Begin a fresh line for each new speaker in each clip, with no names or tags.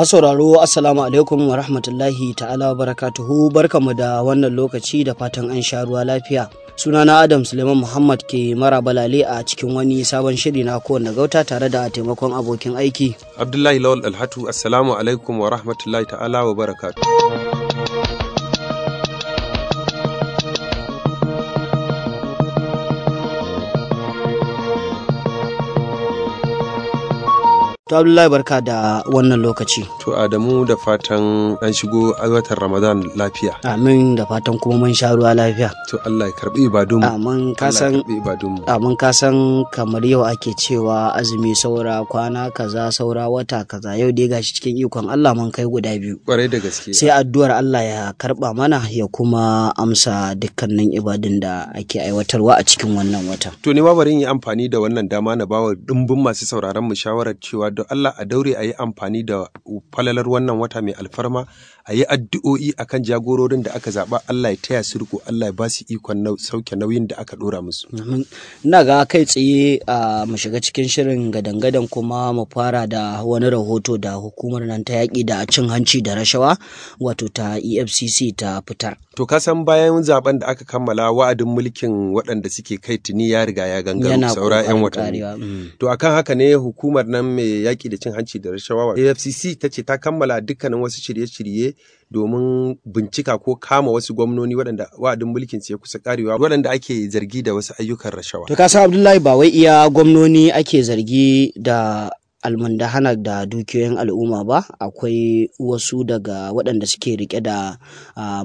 Masu sauraro Assalamu alaikum wa rahmatullahi ta'ala wa barakatuhu barkamu da wannan lokaci da fatan an sha ruwa lafiya. Sunana Adam Suleiman Muhammad ke mara balale a cikin wani sabon shiri na kowane gauta tare da taimakon abokin aiki.
Abdullahi Lawal Alhatu Assalamu alaikum wa rahmatullahi ta'ala wa barakatuhu.
To Abdullahi barka da wannan lokaci.
To Adamu da fatan an shigo watan Ramadan lafiya.
Amin da fatan kuma mun sha ruwa lafiya. To Allah ya karbi ibadunmu. Amin ka san Amin ka kamar yau ake cewa azumi saura kwana kaza saura wata kaza yau dai gashi cikin ikon Allah mun kai guda biyu.
Kwarai da gaske. Sai
addu'ar Allah ya karba mana ya kuma amsa dukkanin ibadun da ake aiwatarwa a cikin wannan wata.
To ne ma bari yi amfani da wannan dama na bawa dimbin masu sauraron mu shawarar cewa da Allah a daure a yi amfani da falalar wannan wata mai alfarma a yi addu'o'i a kan jagororin da
aka zaɓa Allah ya taya su Allah ya ba su ikon sauke nauyin da aka ɗora musu. Ina ga kai tsaye a mu shiga cikin shirin gadan-gadan kuma mu fara da wani rahoto da hukumar nan ta yaƙi da cin hanci da rashawa wato ta EFCC ta fitar.
To ka san bayan zaben da aka kammala wa'adin mulkin waɗanda suke kai tuni ya riga ya gangaro saura 'yan watanni. Mm. To akan haka ne hukumar nan mai yaƙi da cin hanci da rashawa AFCC ta ce ta kammala dukkanin wasu shirye-shirye domin bincika ko kama wasu gwamnoni waɗanda wa'adin mulkin su ya kusa karewa waɗanda ake zargi da wasu ayyukan rashawa. To ka
san Abdullahi ba wai iya gwamnoni ake zargi da almundahanar da dukiyoyin al'umma ba akwai wasu daga waɗanda suke rike da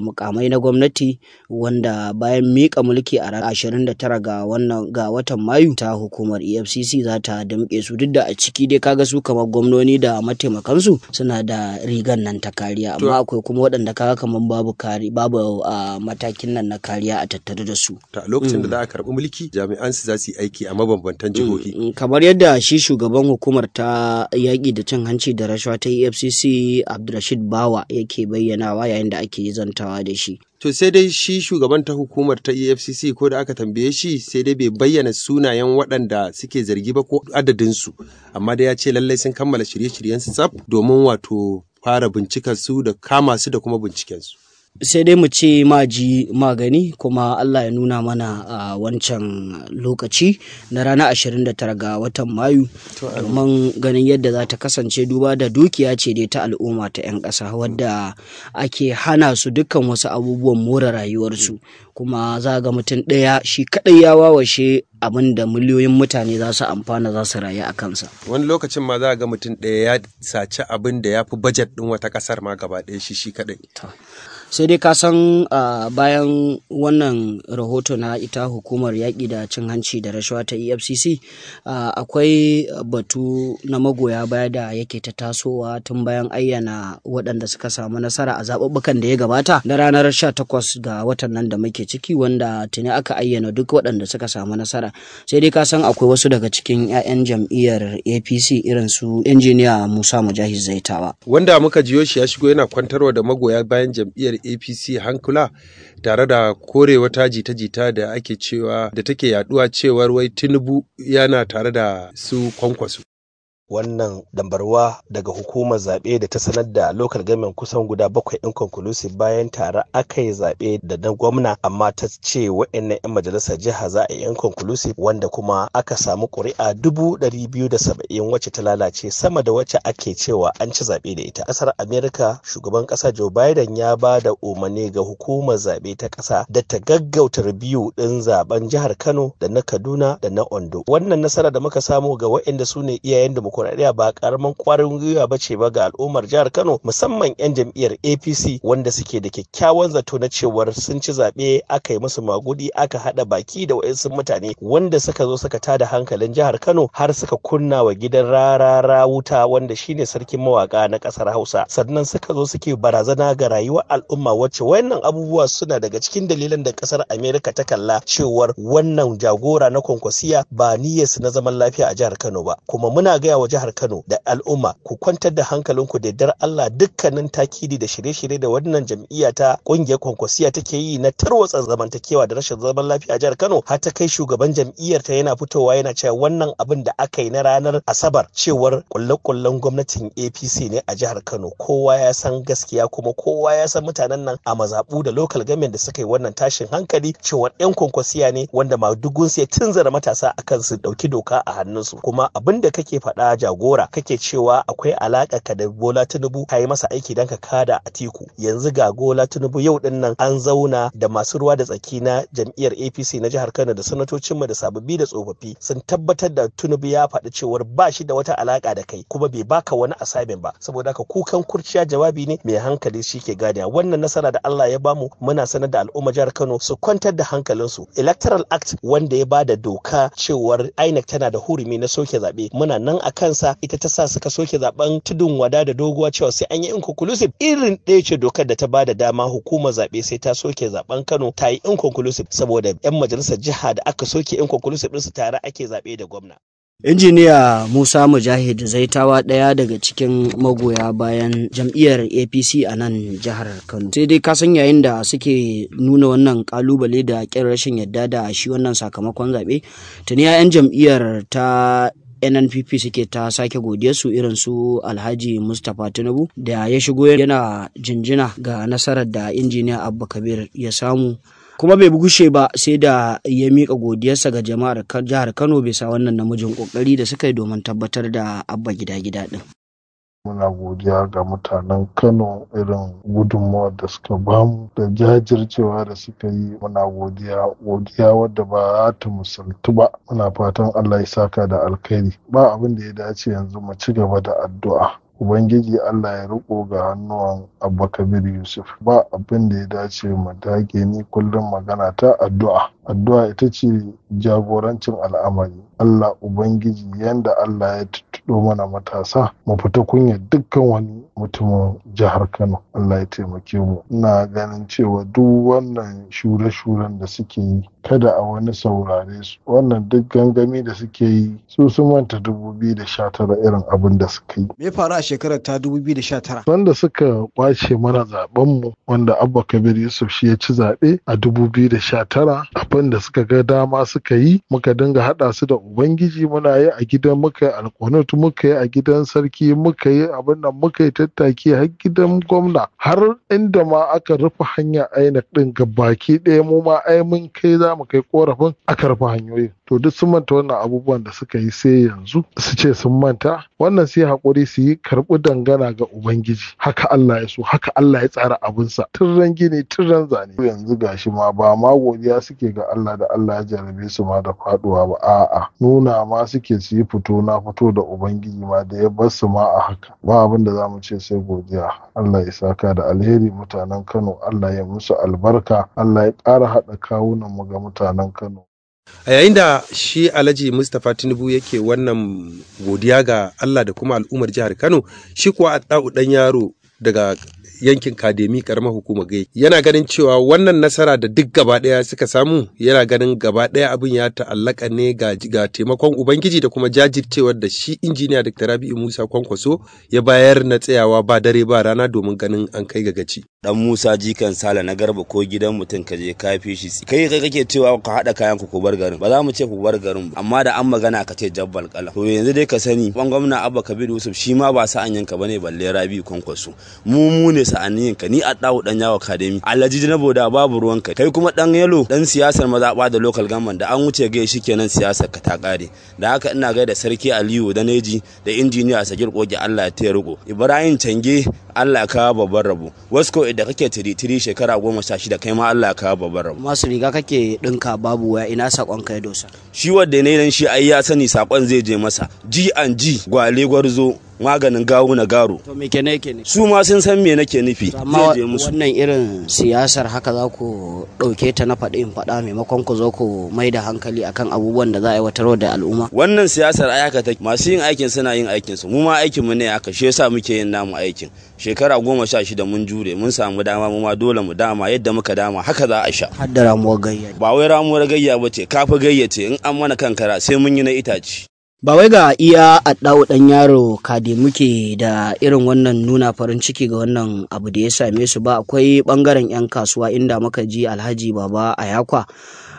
mukamai na gwamnati wanda bayan miƙa mulki a ranar 29 ga wannan ga watan mayu ta hukumar efcc za ta damƙe su duk da a ciki dai kaga su kamar gwamnoni da mataimakansu suna da rigan nan ta kariya amma akwai kuma waɗanda kaga kamar babu kari babu matakin nan na kariya a tattare da su ta lokacin da mm. za
a karɓi mulki jami'an su za su yi aiki a mabambantan jihohi mm,
mm, kamar yadda shi shugaban hukumar ta ta yaƙi da cin hanci da rashawa ta efcc abdulrashid bawa yake bayyanawa yayin da ake zantawa da shi
to sai dai shi shugaban ta hukumar ta efcc ko da aka tambaye shi sai dai bai bayyana sunayen waɗanda suke zargi ba ko adadinsu amma dai ya ce lallai sun kammala shirye-shiryen tsaf domin wato fara bincikar da kama su da kuma binciken su
sai dai mu ce ma ji magani kuma Allah ya nuna mana a wancan lokaci na ranar 29 ga watan mayu domin ganin yadda za ta kasance duba da dukiya ce dai ta al'umma ta 'yan ƙasa wadda ake hana su dukkan wasu abubuwan more rayuwarsu kuma za ga mutum ɗaya shi kaɗai ya wawashe abin da miliyoyin mutane za su amfana za su rayu a kansa.
Wani lokacin ma za ga mutum ɗaya ya saci abin da ya fi bajet ɗin wata ƙasar ma gaba ɗaya shi shi kaɗai.
sai dai kasan san bayan wannan rahoto na ita hukumar yaƙi da cin hanci da rashawa ta efcc akwai batu na magoya baya da yake ta tasowa tun bayan ayyana waɗanda suka samu nasara a zaɓuɓɓukan da ya gabata na ranar sha 18 ga watan nan da muke ciki wanda tuni aka ayyana duk waɗanda suka samu nasara sai dai kasan akwai wasu daga cikin 'ya'yan jam'iyyar apc irin su injiniya musa mujahid zaitawa
wanda muka jiyo shi ya shigo yana kwantarwa da magoya bayan jam'iyyar apc hankula tare da kore wata jita-jita da ake cewa da take yaduwa cewar wai tinubu yana tare da su kwankwaso
wannan dambarwa daga hukumar zaɓe da ta sanar da lokal gamen kusan guda bakwai in conclusive bayan tare aka yi zaɓe da na gwamna amma ta ce wa'annan 'yan majalisar jiha za a yi conclusive wanda kuma aka samu ƙuri'a dubu ɗari biyu da saba'in wacce ta lalace sama da wacce ake cewa an ci zaɓe da ita ƙasar amerika shugaban ƙasa joe biden ya ba da umarni ga hukumar zaɓe ta ƙasa da ta gaggauta biyu ɗin zaɓen jihar kano da na kaduna da na ondo wannan nasara da muka samu ga wa'anda su ne iyayen da demokuraɗiyya ba ƙaramin kwarin gwiwa ba ce ba ga al'ummar jihar Kano musamman 'yan jam'iyyar APC wanda suke da kyakkyawan zato na cewar sun ci zaɓe aka yi musu magudi aka haɗa baki da wa'insu mutane wanda suka zo suka tada hankalin jihar Kano har suka kunna wa gidan rarara wuta wanda shine sarkin mawaka na ƙasar Hausa sannan suka zo suke barazana ga rayuwar al'umma wacce wayannan abubuwa suna daga cikin dalilan da ƙasar Amerika ta kalla cewar wannan jagora na kwankwasiya ba niyyarsu na zaman lafiya a jihar Kano ba kuma muna gaya wa wa jihar Kano da al'umma ku kwantar da hankalinku da dar Allah dukkanin takidi da shirye-shirye da wannan jam'iyya ta kungiyar kwankwasiya take yi na tarwatsa zamantakewa da rashin zaman lafiya a jihar Kano har ta kai shugaban jam'iyyar ta yana fitowa yana cewa wannan abin da aka yi na ranar Asabar cewar kullakullan gwamnatin APC ne a jihar Kano kowa ya san gaskiya kuma kowa ya san mutanen nan a mazabu da local government da suka yi wannan tashin hankali cewa yan kwankwasiya ne wanda madugunsu ya tunzara matasa akan su dauki doka a hannunsu kuma abin da kake faɗa jagora kake cewa akwai alaka ka da Bola Tinubu ka yi masa aiki dan ka kada a tiku yanzu ga Bola Tinubu yau din nan an zauna da masu ruwa da tsaki na jam'iyyar APC na jihar Kano da sanatocinmu da sababbi da tsofaffi sun tabbatar da Tinubu ya faɗi cewar ba shi da wata alaka da kai kuma bai baka wani assignment ba saboda haka kukan kurciya jawabi ne mai hankali shi ke gane wannan nasara da Allah ya bamu muna sanar da al'umma jihar Kano su kwantar da hankalinsu electoral act wanda ya bada doka cewar INEC tana da hurumi na soke zaɓe muna nan akan kansa ita ta sa suka soke zaben tudun wada da doguwa cewa sai an yi inconclusive irin ɗaya ce dokar da ta bada dama hukumar zaɓe sai ta soke zaben Kano ta yi inconclusive saboda 'yan majalisar jiha da aka soke inconclusive su tare ake zaɓe da gwamna.
injiniya musa mujahid zaitawa ɗaya daga cikin magoya bayan jam'iyyar apc a nan jihar kano sai dai kasan yayin da suke nuna wannan kalubale da ƙin rashin yadda da shi wannan sakamakon zaɓe tuni 'ya'yan jam'iyyar ta nnpp suke ta sake godiyarsu irin su alhaji mustapha tinubu da ya shigo yana jinjina ga nasarar da injiniya abba kabir ya samu kuma bai gushe ba sai da ya mika godiyarsa ga jama'ar jihar kano bisa wannan namijin ƙoƙari da suka yi domin tabbatar da abba gida gida ɗin
muna godiya ga mutanen kano irin gudunmawar da suka bamu da jajircewa da suka yi muna godiya godiya wadda ba ta misaltu ba muna fatan allah ya saka da alkhairi ba abin da ya dace yanzu mu ci gaba da addu'a Ubangiji Allah ya riko ga hannuwan Abba Yusuf ba abin da ya dace mu dage ni kullum magana ta addu'a. Addu'a ita ce jagorancin al'amari. Allah Ubangiji yanda Allah ya Ɗo mana matasa mu fita kunya dukkan wani mutumin jihar Kano Allah ya taimake mu ina ganin cewa duk wannan shure-shuren da suke yi kada a wani saurare su wannan duk gangami da suke yi su sun manta 2019 irin abin da suka yi. Me faru a shekarar ta 2019? Wanda suka kwace mana zaben mu wanda Abba Kabir Yusuf shi ya ci zaɓe a 2019 abin da suka ga dama suka yi muka dinga haɗa su da Ubangiji muna yi a gidan muka yi alkonut muka yi a gidan sarki muka yi abin da muka yi tattaki har gidan gwamna har inda ma aka rufe hanya Aina ɗin gabaki ɗaya mu ma ai mun kai za mu kai korafin a karfa hanyoyin to duk sun manta wannan abubuwan da suka yi sai yanzu su ce sun manta wannan sai hakuri su yi karɓi dangana ga ubangiji haka Allah ya so haka Allah ya tsara abinsa tun ran gini tun ran zane yanzu ga shi ma ba ma godiya suke ga Allah da Allah ya jarabe su ma da faduwa ba a'a nuna ma suke su yi fito na fito da ubangiji ma da ya bar su ma a haka ba abin da zamu ce sai godiya Allah ya saka da alheri mutanen Kano Allah ya musu albarka Allah ya ƙara haɗa kawunan mu ga mutanen Kano.
A yayin da shi Alhaji Mustapha Tinubu yake wannan godiya ga Allah da kuma al'ummar jihar Kano, shi kuwa Adda'u dan yaro daga yankin kademi karamar hukumar gai yana ganin cewa wannan nasara da duk gaba daya suka samu yana ganin gaba daya abin ya ta'allaka ne ga, ga taimakon ubangiji da kuma jajircewar da shi injiniya dr rabi'u musa kwankwaso ya bayar
na tsayawa ba dare ba rana domin ganin an kai ga gaci dan musa jikan sala na garba ko gidan mutum kaje je ka fi shi kai kai kake cewa ka hada kayan ku bar garin ba za mu ce ku bar garin ba amma da an magana ka ce jabbal kala to yanzu dai ka sani ban gwamna abba kabiru yusuf shi ma ba an yanka bane balle rabi'u kwankwaso mu mu ne sa'aniyin ka ni a dawo dan yawo academy alhaji na boda babu ruwan ka kai kuma dan yalo dan siyasar ba da local government da an wuce gai kenan siyasar ka ta kare da haka ina gaida sarki aliyu da neji da injiniya sagir koge allah ya taya riko ibrahim cange allah ka babban rabo wasko da kake tiri tiri shekara goma sha shida kai ma allah ka babban rabo
masu riga kake dinka babu waya ina sakon kai dosa
shi wanda ne dan shi ai ya sani sakon zai je masa g and g gwale gwarzo maganin gawo na garo su ma sun san me nake nufi amma wannan
irin siyasar haka za ku dauke ta na faɗi in faɗa maimakon ku zo ku mai da hankali akan abubuwan da za a aiwatar da al'umma
wannan siyasar ai haka masu yin aikin suna yin aikin su mu ma aikin mu ne aka shi yasa muke yin namu aikin shekara goma sha shida mun jure mun samu dama mu ma dole mu dama yadda muka dama haka za a sha
har da ramuwar gayya
ba wai ramuwar gayya ba ce kafi gayya ce in an mana kankara sai mun yi na itace
ba wai ga iya addawo dan yaro kade muke da irin wannan nuna farin ciki ga wannan abu da ya same su ba akwai ɓangaren yan kasuwa inda muka ji alhaji baba ayakwa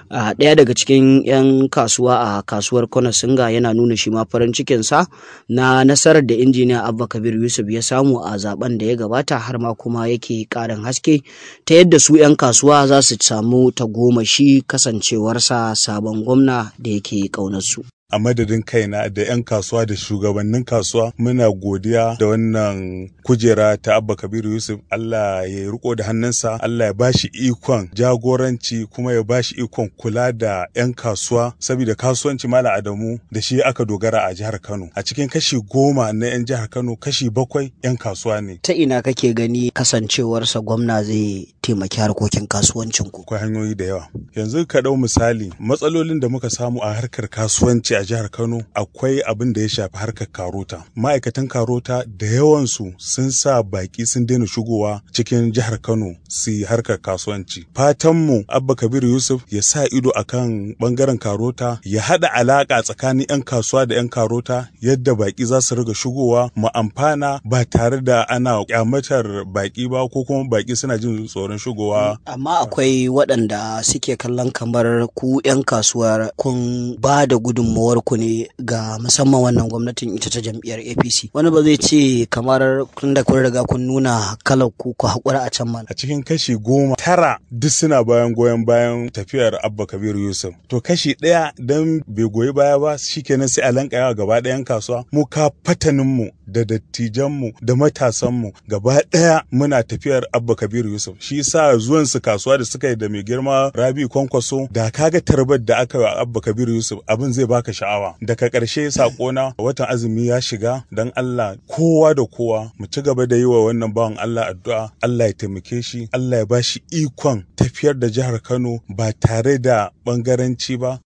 a ɗaya daga cikin 'yan kasuwa a kasuwar singa yana nuna shi ma farin cikinsa na nasarar da injiniya abba kabir yusuf ya samu a zaben da ya gabata har ma kuma yake ƙarin haske ta yadda su 'yan kasuwa za su samu tagomashi kasancewarsa sabon gwamna da yake ƙaunarsu
a madadin kaina da 'yan kasuwa da shugabannin kasuwa muna godiya da wannan kujera ta abba kabiru yusuf allah ya riko da hannunsa allah ya ba shi ikon jagoranci kuma ya ba shi ikon kula da 'yan kasuwa saboda kasuwanci mala adamu da shi aka dogara a jihar kano a cikin kashi goma na 'yan jihar kano kashi bakwai 'yan kasuwa ne ta ina kake gani kasancewarsa gwamna zai taimaki harkokin kasuwancinku akwai hanyoyi da yawa yanzu ka dau misali matsalolin da muka samu a harkar kasuwanci a jihar Kano akwai abin da ya shafi harkar karota. Ma'aikatan karota da yawansu sun sa baki sun daina shigowa cikin jihar Kano su harkar kasuwanci. Fatanmu Abba Kabir Yusuf ya sa ido akan bangaren karota ya haɗa alaƙa tsakanin 'yan kasuwa da 'yan karota yadda baki za su riga shigowa mu amfana ba tare da ana kyamatar baki ba ko kuma baki suna jin tsoron shigowa.
Amma akwai waɗanda suke kallon kamar ku 'yan kasuwa kun ba da gudunmawa ku ne ga musamman wannan gwamnatin ita ta jam'iyyar apc wani ba zai ce kamar kun da kun riga kun nuna kalar ku ku haƙura a can a cikin kashi goma tara duk
suna bayan goyon bayan tafiyar abba kabir yusuf to kashi ɗaya don bai goyi baya ba shikenan sai a yawa gaba ɗayan kasuwa mu ka fataninmu da dattijanmu da matasanmu gaba ɗaya muna tafiyar abba kabir yusuf shi sa zuwan su kasuwa da suka yi da mai girma rabi kwankwaso da kaga tarbar da aka yi abba kabir yusuf abin zai baka sha'awa daga ƙarshe sakona watan azumi ya shiga don Allah kowa da kowa mu ci gaba da yi wa wannan bawan Allah addu'a Allah ya taimake shi Allah ya ba shi ikon tafiyar da jihar Kano ba tare da bangaranci ba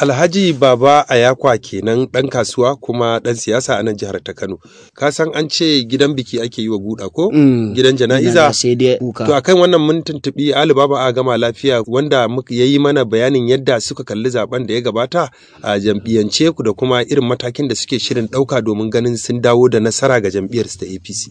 Alhaji Baba Ayakwa kenan ɗan kasuwa kuma ɗan siyasa a nan jihar ta Kano. Ka san an ce gidan biki ake yi wa buɗa ko? Mm, gidan jana'iza. Sai dai kuka. To akan wannan mun tuntuɓi Ali Baba a gama lafiya wanda ya yi mana bayanin yadda suka kalli zaɓen da ya gabata a jam'iyyance ku da kuma irin matakin da suke shirin ɗauka domin ganin sun dawo da nasara ga jam'iyyarsu ta APC.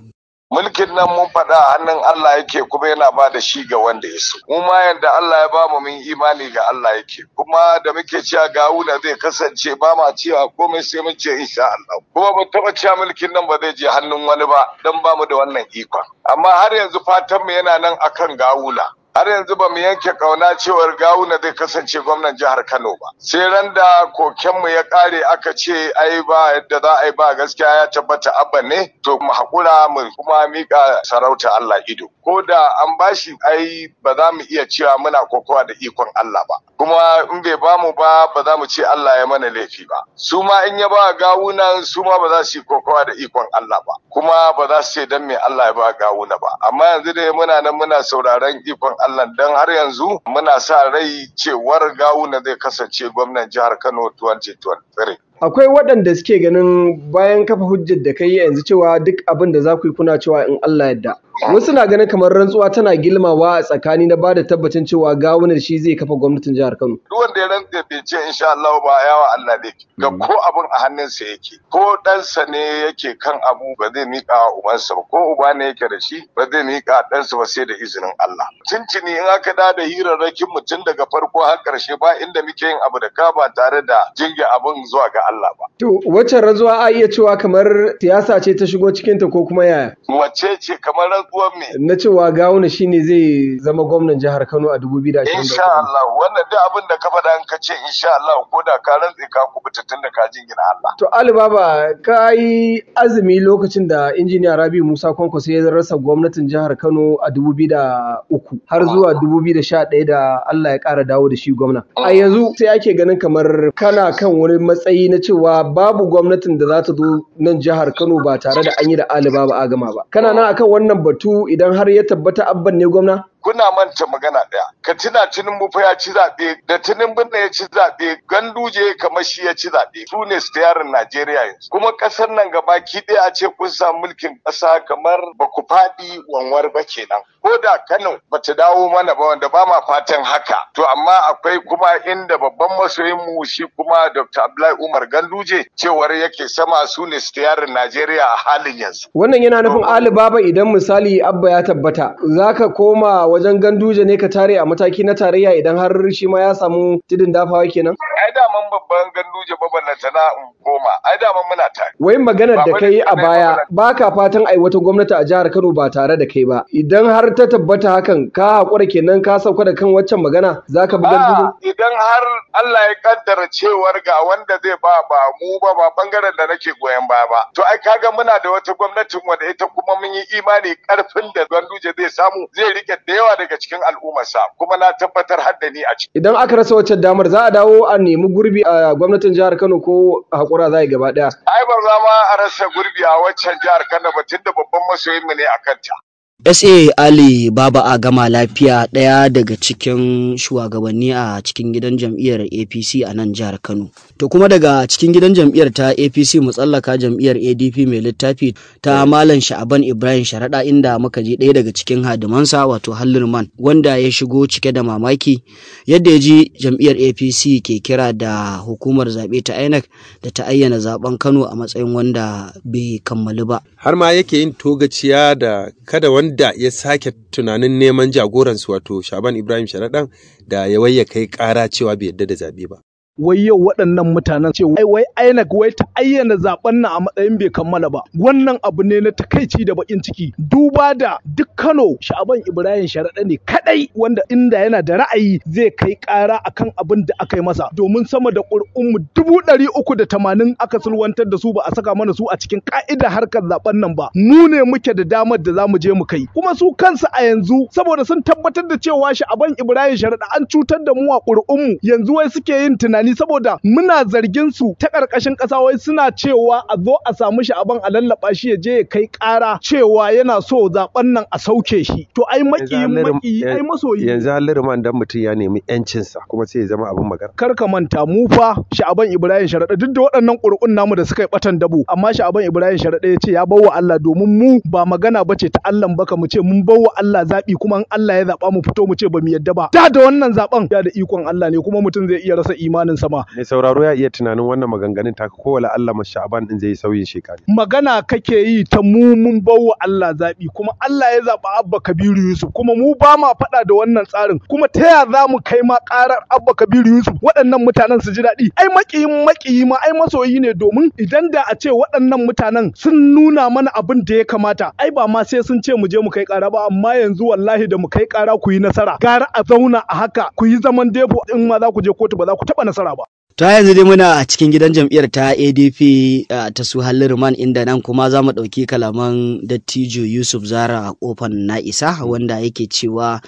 mulkin nan mun faɗa a hannun Allah yake kuma yana ba da shi ga wanda ya so mu ma yanda Allah ya ba mu mun imani ga Allah yake kuma da muke cewa ga wuna zai kasance ba ma cewa komai sai mun ce insha Allah kuma mu taɓa cewa mulkin nan ba zai je hannun wani ba dan ba mu da wannan ikon amma har yanzu fatan mu yana nan akan gawula har yanzu ba mu yanke kauna cewar gawuna zai kasance gwamnan jihar Kano ba. Sai ran da kokenmu ya kare aka ce ai ba yadda za a yi ba gaskiya ya tabbata abba ne to mu hakura mu kuma mika sarauta Allah ido. Ko da an bashi ai ba za mu iya cewa muna kokowa da ikon Allah ba. Kuma in bai bamu ba ba za mu ce Allah ya mana laifi ba. Su ma in ya ba gawunan su ma ba za su yi kokowa da ikon Allah ba. Kuma ba za su ce dan me Allah ya ba gawuna ba. Amma yanzu dai muna nan muna sauraron ikon Allah don har yanzu muna sa rai cewar gawuna zai kasance gwamnan jihar Kano 2023.
Akwai waɗanda suke ganin bayan kafa hujjar da kai yanzu cewa duk abin da za ku yi kuna cewa in Allah yadda. wasu na ganin kamar rantsuwa tana gilmawa a tsakani na bada tabbacin cewa gawunar shi zai kafa gwamnatin jihar Kano.
Duk wanda ya rantsa bai ce insha Allah ba yawa Allah ne ga mm. ko abun a hannunsa yake ko ɗansa ne yake kan abu ba zai mika wa ubansa ba ko uba ne yake da shi ba zai mika ɗansa ba sai da izinin Allah. Tuntuni in aka da da hirarrakin mutum daga farko har karshe ba inda muke yin abu da ka ba tare da jinge abun zuwa ga Allah ba.
To wacce rantsuwa a iya cewa kamar siyasa ce ta shigo cikinta ko kuma yaya?
Wacce ce kamar karbuwar mai.
na cewa gawuna ne zai zama gwamnan jihar Kano a 2023 insha
Allah wannan duk abin da ka faɗa in ka ce insha Allah ko da ka rantse ka kubuta tun da ka gina Allah
to Ali baba ka yi azumi lokacin da injiniya Rabi Musa sai ya rasa gwamnatin jihar Kano a 2003 har zuwa 2011 da Allah ya ƙara dawo da shi gwamna a mm. yanzu sai ake ganin kamar kana kan wani matsayi na cewa babu gwamnatin da za ta zo nan jihar Kano ba tare da an yi da Ali baba a gama ba kana nan akan wannan batu mutu idan har ya tabbata abban ne gwamna? kuna
manta magana ɗaya ka tuna tunin bufa ya ci zaɓe da tunin ne ya ci zaɓe ganduje kamar shi ya ci zaɓe su ne yarin najeriya yanzu kuma ƙasar nan gaba ki ɗaya ce kun samu mulkin ƙasa kamar ba ku faɗi wanwar ba kenan ko da kano ba ta dawo mana ba wanda ba ma fatan haka to amma akwai kuma inda babban masoyin mu shi kuma dr abdullahi umar ganduje cewar yake sama su ne yarin najeriya a halin yanzu
wannan yana nufin alibaba idan misali abba ya tabbata zaka koma wajen ganduje ne ka tare a mataki na tarayya idan har shi ma ya samu tidin dafawa kenan?
Ai daman babban ganduje maballanta na goma, ai daman muna tare.
Wai maganar da kai a baya baka ka fatan ai wata gwamnati a jihar Kano ba tare da kai ba. Idan har ta tabbata hakan ka haƙura kenan ka sauka da kan waccan magana za ka bi ganduje?
Idan har Allah ya kaddara cewar ga wanda zai ba ba mu ba ba bangaren da nake goyon baya ba. To ai kaga muna da wata gwamnatin wanda ita kuma mun yi imani karfin da ganduje zai samu zai rike da yawa daga cikin al'ummarsa kuma na tabbatar haddani a ciki.
Idan aka rasa wacce damar za a dawo a nemi gurbi a gwamnatin jihar Kano
ko hakura za a yi gaba ɗaya.
Ai ba za ma a rasa gurbi a waccan jihar Kano ba da babban masoyin mu ne a kanta.
sa ali baba a gama lafiya ɗaya daga cikin shugabanni a cikin gidan jam'iyyar apc a nan jihar kano to kuma daga cikin gidan jam'iyyar ta apc mutsallaka jam'iyyar adp mai littafi ta malam sha'aban ibrahim sharaɗa inda muka je ɗaya daga cikin hadimansa wato Man wanda ya shigo cike da mamaki yadda ya ji jam'iyyar apc ke kira da hukumar zaɓe ta inec da ta ayyana zaben kano a matsayin wanda bai kammalu ba
har ma yake yin togaciya da kada wanda Yadda ya sake tunanin neman jagoransu wato Shaban Ibrahim Sharaɗan da ya wayya kai ƙara cewa bai yarda da zaɓe ba.
wai yau waɗannan mutanen ce wai wai INEC wai ta ayyana zaben nan a matsayin bai kammala ba wannan abu ne na takaici da bakin ciki duba da duk Kano Sha'aban Ibrahim Sharaɗa ne kadai wanda inda yana da ra'ayi zai kai ƙara akan abin da aka yi masa domin sama da ƙuri'unmu dubu ɗari uku da tamanin aka sulwantar da su ba a saka mana su a cikin ƙa'ida harkar zaben nan ba mu ne muke da damar da zamu je mu kai kuma su kansu a yanzu saboda sun tabbatar da cewa Sha'aban Ibrahim Sharaɗa an cutar da mu a ƙuri'unmu yanzu wai suke yin tunani tunani saboda muna zargin su ta ƙarƙashin ƙasa wai suna cewa a zo a samu shi abin a lallaɓa shi ya je ya kai ƙara cewa yana so zaɓen nan a sauke shi to ai maƙiyi maƙiyi ai
masoyi yanzu halirman dan mutum ya nemi yancinsa kuma sai ya zama abin magana kar ka manta mu fa sha'aban ibrahim sharaɗa
duk da waɗannan ƙuri'un namu da suka yi ɓatan dabo amma sha'aban ibrahim sharaɗa ya ce ya bawa Allah domin mu ba magana bace ta Allah baka mu ce mun bawa Allah zaɓi kuma in Allah ya zaɓa mu fito mu ce ba mu yadda ba da da wannan zaɓen ya da ikon Allah ne kuma mutum zai iya rasa imanin imanin sama
mai sauraro ya iya tunanin wannan maganganun ta ko wala Allah mashi Sha'ban din zai sauyin shekaru
magana kake yi ta mu mun bawo Allah zabi kuma Allah ya zaba Abba Kabiru Yusuf kuma mu ba ma faɗa da wannan tsarin kuma ta ya za mu kai ma ƙarar Abba Kabiru Yusuf waɗannan mutanen su ji daɗi ai maƙiyin maƙiyi ma ai masoyi ne domin idan da a ce waɗannan mutanen sun nuna mana abin da ya kamata ai ba ma sai sun ce mu je mu kai ƙara ba amma yanzu wallahi da mu kai ƙara ku yi nasara gara a zauna a haka ku yi zaman debo in ma za ku je kotu ba za ku taɓa nasara nasara ba.
Ta yanzu dai muna a cikin gidan jam'iyyar ta ADP ta su halin Halliruman inda nan kuma za mu ɗauki kalaman dattijo Yusuf Zara a kofan Na'isa wanda yake cewa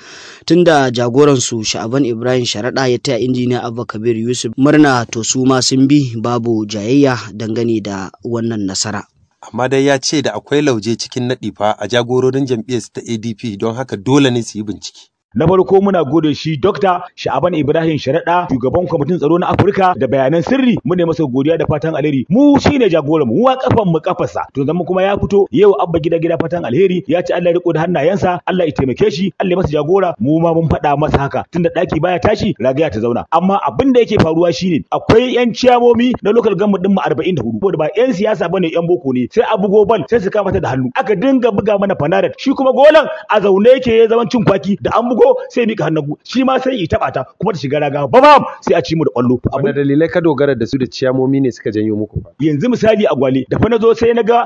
tunda jagoransu Sha'aban Ibrahim Sharaɗa ya taya injiniya Abba Kabir Yusuf murna to su ma sun bi babu jayayya dangane da wannan nasara.
amma dai ya ce da akwai lauje cikin naɗi fa a jagororin jam'iyyar ta ADP don haka dole ne su yi bincike.
Na farko muna gode shi
Dokta Sha'aban Ibrahim Sharaɗa shugaban kwamitin tsaro na Afirka da bayanan sirri mu ne masa godiya da fatan alheri mu shine jagoran mu wa kafan mu kafarsa to zama kuma ya fito yau abba gida gida fatan alheri ya ce Allah ya riko da hannayensa Allah ya taimake shi Allah ya masa jagora mu ma mun faɗa masa haka tunda ɗaki baya tashi ragaya ta zauna amma abin da yake faruwa shine akwai yan ciyamomi na local gamu din mu 44 saboda ba yan siyasa bane yan boko ne sai abu goban sai su kama ta da hannu aka dinga buga mana fanarat, shi kuma golan a zaune yake ya zaman cin kwaki da an bugo ko sai mika hannu shi ma sai yi taba ta kuma ta shiga raga bam sai a ci mu da kwallo abin
da dalilai ka dogara da su da ciyamomi ne
suka janyo muku yanzu misali a gwale da fa nazo sai naga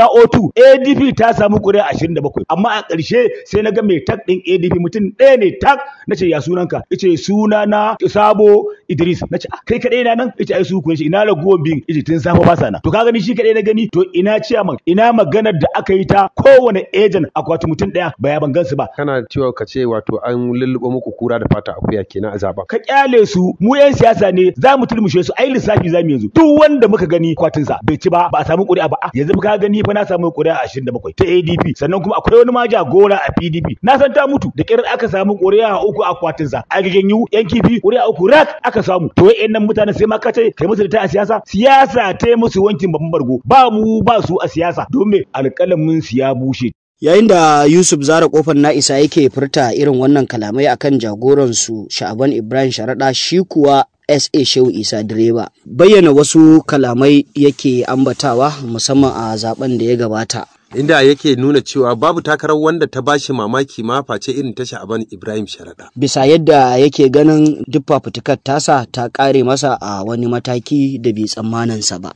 na O2 ADP ta samu ƙuri'a 27 amma a ƙarshe sai naga mai tak din ADP mutum ɗaya ne tag nace ya sunanka yace suna na Sabo Idris nace ah, kai kadai na nan yace ai su kun shi ina ragowar bin yace tun safa ba sana to ka gani shi kadai na gani to ina ciyaman ina maganar da aka yi ta kowane agent akwati mutum ɗaya ba ya ban gansu ba
kana cewa ka ce wato wato an lulluɓe muku kura da fata akuya kenan a zaben
ka kyale su mu yan siyasa ne za mu tilmushe su ai lissafi za mu yanzu duk wanda muka gani kwatinsa bai ci ba ba a samu ƙuri'a ba yanzu ka gani fa na samu ƙuri'a 27 ta ADP sannan kuma akwai wani ma jagora a PDP na san ta mutu da kirar aka samu ƙuri'a uku a kwatinsa a ganyu yan kifi ƙuri'a uku rak aka samu to wai wayannan mutanen sai ma ka ce kai musu da ta a siyasa siyasa ta musu wankin babban bargo ba mu ba su a siyasa don me alƙalamin siya
bushe yayin da yusuf zara kofar na'isa yake furta irin wannan kalamai akan jagoransu sha'aban ibrahim sharaɗa shi kuwa sa shehu isa direba bayyana wasu kalamai yake ambatawa musamman a zaben da ya gabata
inda yake nuna cewa babu takarar wanda ta bashi mamaki ma face irin ta sha'aban ibrahim sharaɗa
bisa yadda yake ganin duk fafutukar tasa ta kare masa a wani mataki da bai tsammaninsa ba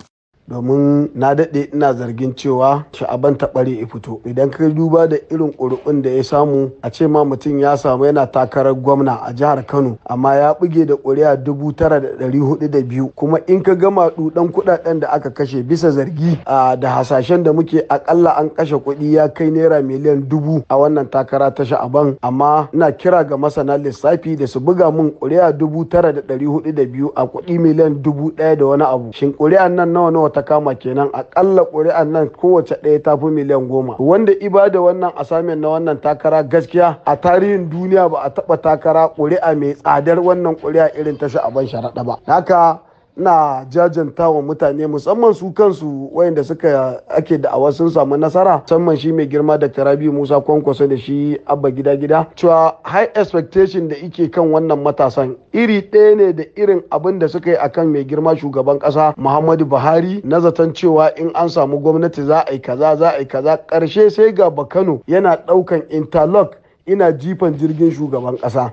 domin na daɗe ina zargin cewa sha'aban ta ɓare ya fito idan ka duba da irin ƙuri'un da ya samu a ce ma mutum ya samu yana takarar gwamna a jihar kano amma ya buge da ƙuri'a dubu tara da ɗari hudu da biyu kuma in ka gama dudan kuɗaɗen da aka kashe bisa zargi da hasashen da muke akalla an kashe kuɗi ya kai naira miliyan dubu a wannan takara ta sha'aban amma ina kira ga masana lissafi da su buga mun kuri'a dubu tara da ɗari hudu da biyu a kuɗi miliyan dubu ɗaya da wani abu shin ƙuri'an nan nawa nawa ta kama kenan akalla ƙuri'an nan kowace ɗaya ta fi miliyan goma wanda da wannan asamen na wannan takara gaskiya a tarihin duniya ba a taɓa takara ƙuri'a mai tsadar wannan ƙuri'a irin ta sha'aban sharaɗa ba haka na jajanta wa mutane musamman su kansu wayanda suka ake da awa sun samu nasara musamman shi mai girma da rabi musa kwankwaso da shi abba gida gida cewa high expectation da ike kan wannan matasan iri ɗaya ne da irin abin da suka yi a kan mai girma shugaban ƙasa muhammadu buhari na zaton cewa in an samu gwamnati za a yi kaza za a yi kaza ƙarshe sai ga bakano yana ɗaukan interlock ina jifan jirgin shugaban ƙasa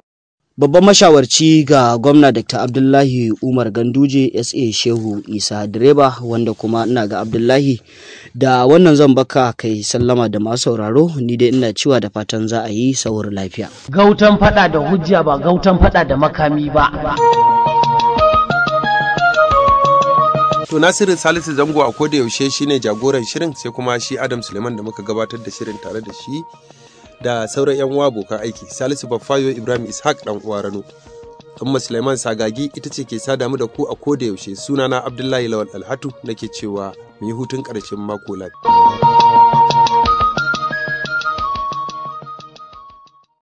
Babban mashawarci ga gwamna Dr. Abdullahi Umar Ganduje SA Shehu Isa Direba wanda kuma ina ga Abdullahi da wannan zan baka kai sallama da masu sauraro ni dai ina cewa da fatan za a yi saurin lafiya. Gautan fada da hujja ba gautan fada da makami ba.
To Nasiru Salisu Zango a koda yaushe shine jagoran shirin sai kuma shi Adam Suleiman da muka gabatar da shirin tare da shi. da sauran 'yan uwa abokan aiki salisu bafayo ibrahim ishaq dan uwa rano amma suleiman sagagi ita ce ke sada mu da ku a koda yaushe sunana abdullahi lawal alhatu nake cewa mu yi hutun karshen mako lafiya